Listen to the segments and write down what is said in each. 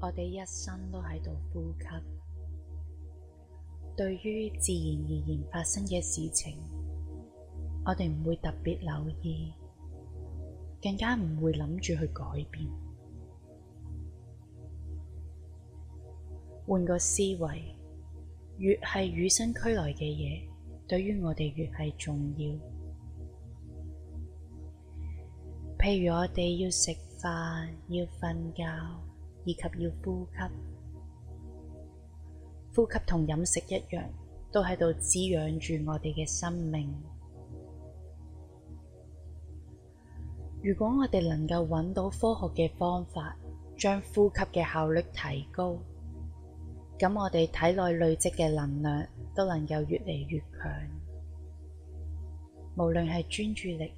我哋一生都喺度呼吸，對於自然而然發生嘅事情，我哋唔會特別留意，更加唔會諗住去改變。換個思維，越係與生俱來嘅嘢，對於我哋越係重要。譬如我哋要食飯，要瞓覺。以及要呼吸，呼吸同飲食一樣，都喺度滋養住我哋嘅生命。如果我哋能夠揾到科學嘅方法，將呼吸嘅效率提高，咁我哋體內累積嘅能量都能夠越嚟越強。無論係專注力、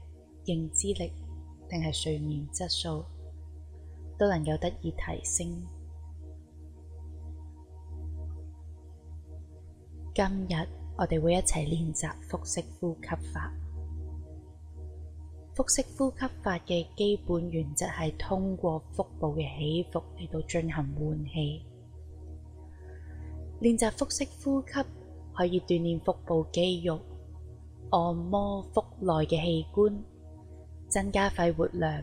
認知力，定係睡眠質素。都能夠得以提升。今日我哋會一齊練習腹式呼吸法。腹式呼吸法嘅基本原則係通過腹部嘅起伏嚟到進行換氣。練習腹式呼吸可以鍛煉腹部肌肉，按摩腹內嘅器官，增加肺活量。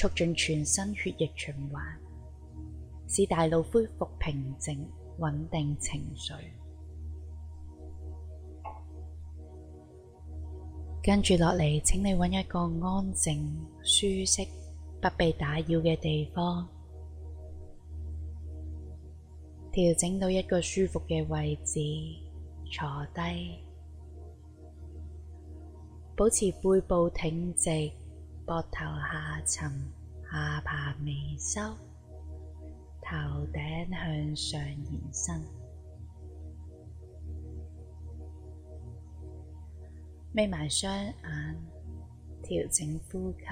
促進全身血液循環，使大腦恢復平靜、穩定情緒。跟住落嚟，請你揾一個安靜、舒適、不被打擾嘅地方，調整到一個舒服嘅位置坐低，保持背部挺直。膊頭下沉，下巴微收，頭頂向上延伸，眯埋雙眼，調整呼吸，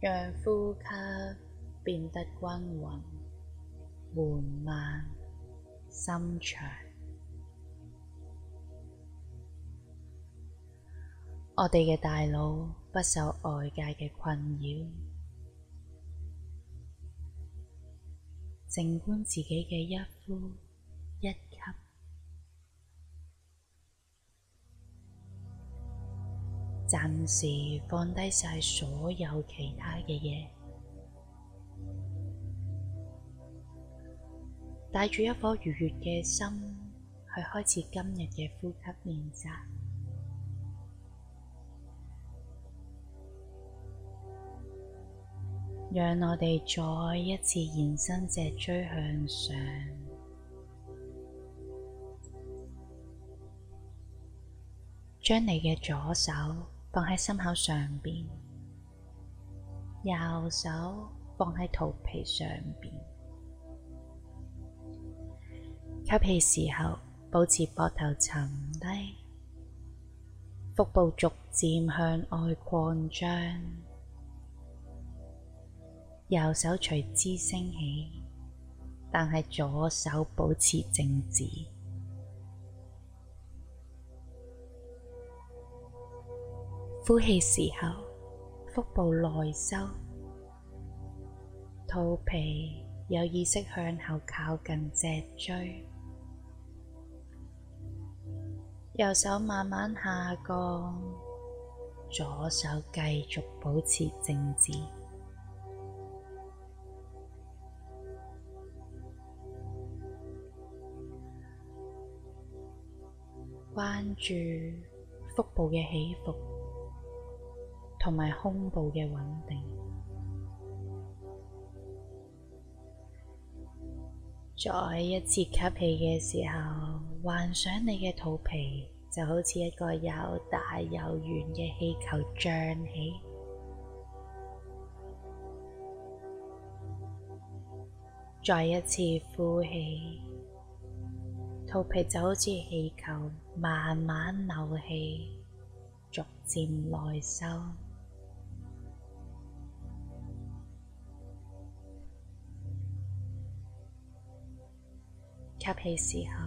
讓呼吸變得均勻、緩慢、深長。我哋嘅大腦不受外界嘅困擾，靜觀自己嘅一呼一吸，暫時放低晒所有其他嘅嘢，帶住一顆愉悦嘅心去開始今日嘅呼吸練習。讓我哋再一次延伸脊椎向上，將你嘅左手放喺心口上面，右手放喺肚皮上面。吸氣時候，保持膊頭沉低，腹部逐漸向外擴張。右手隨之升起，但係左手保持靜止。呼氣時候，腹部內收，肚皮有意識向後靠近脊椎。右手慢慢下降，左手繼續保持靜止。關注腹部嘅起伏，同埋胸部嘅穩定。再一次吸氣嘅時候，幻想你嘅肚皮就好似一個又大又圓嘅氣球脹起。再一次呼氣。肚皮就好似氣球，慢慢漏氣，逐漸內收。吸氣時候，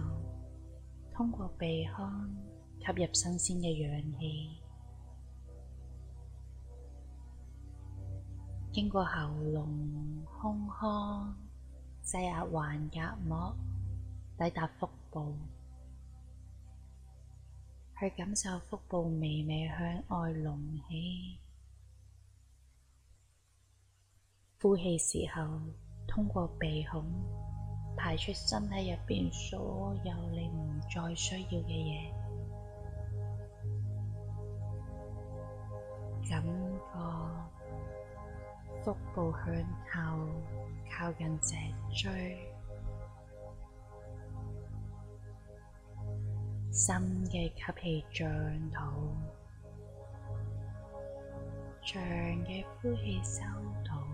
通過鼻腔吸入新鮮嘅氧氣，經過喉嚨、胸腔、擠壓橫膈膜，抵達腹。去感受腹部微微向外隆起，呼氣時候，通過鼻孔排出身體入邊所有你唔再需要嘅嘢。感覺腹部向後靠近脊椎。深嘅吸氣，脹肚；長嘅呼氣收，收肚。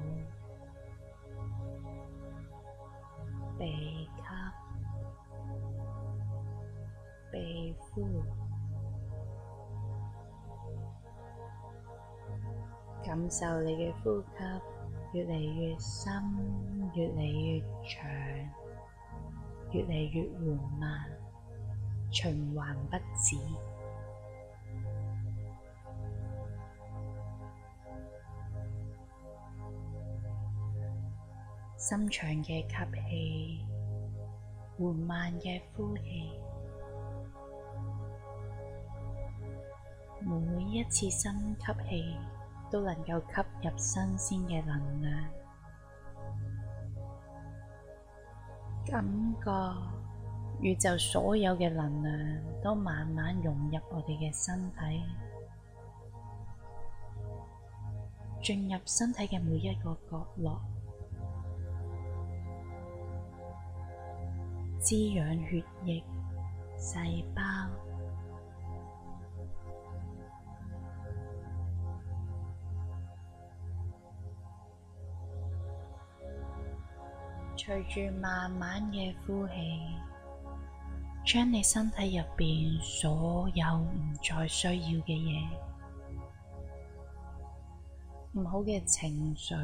鼻吸，鼻呼，感受你嘅呼吸越嚟越深，越嚟越長，越嚟越緩慢。循環不止，深長嘅吸氣，緩慢嘅呼氣，每一次深吸氣都能夠吸入新鮮嘅能量，感覺。宇宙所有嘅能量都慢慢融入我哋嘅身體，進入身體嘅每一個角落，滋養血液、細胞。隨住慢慢嘅呼氣。將你身體入邊所有唔再需要嘅嘢，唔好嘅情緒、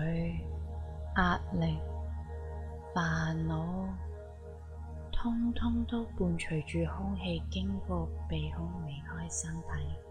壓力、煩惱，通通都伴隨住空氣經過鼻孔離開身體。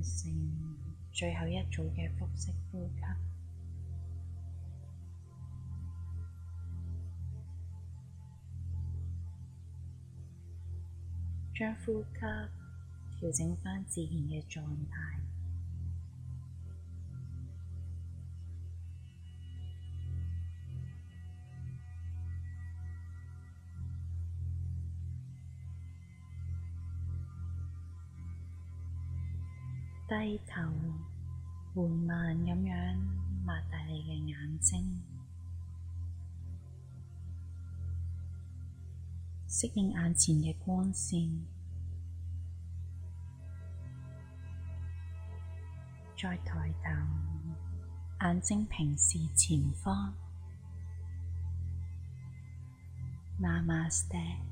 完成最後一組嘅腹式呼吸，將呼吸調整返自然嘅狀態。低頭，緩慢咁樣擘大你嘅眼睛，適應眼前嘅光線，再抬頭，眼睛平視前方。Namaste。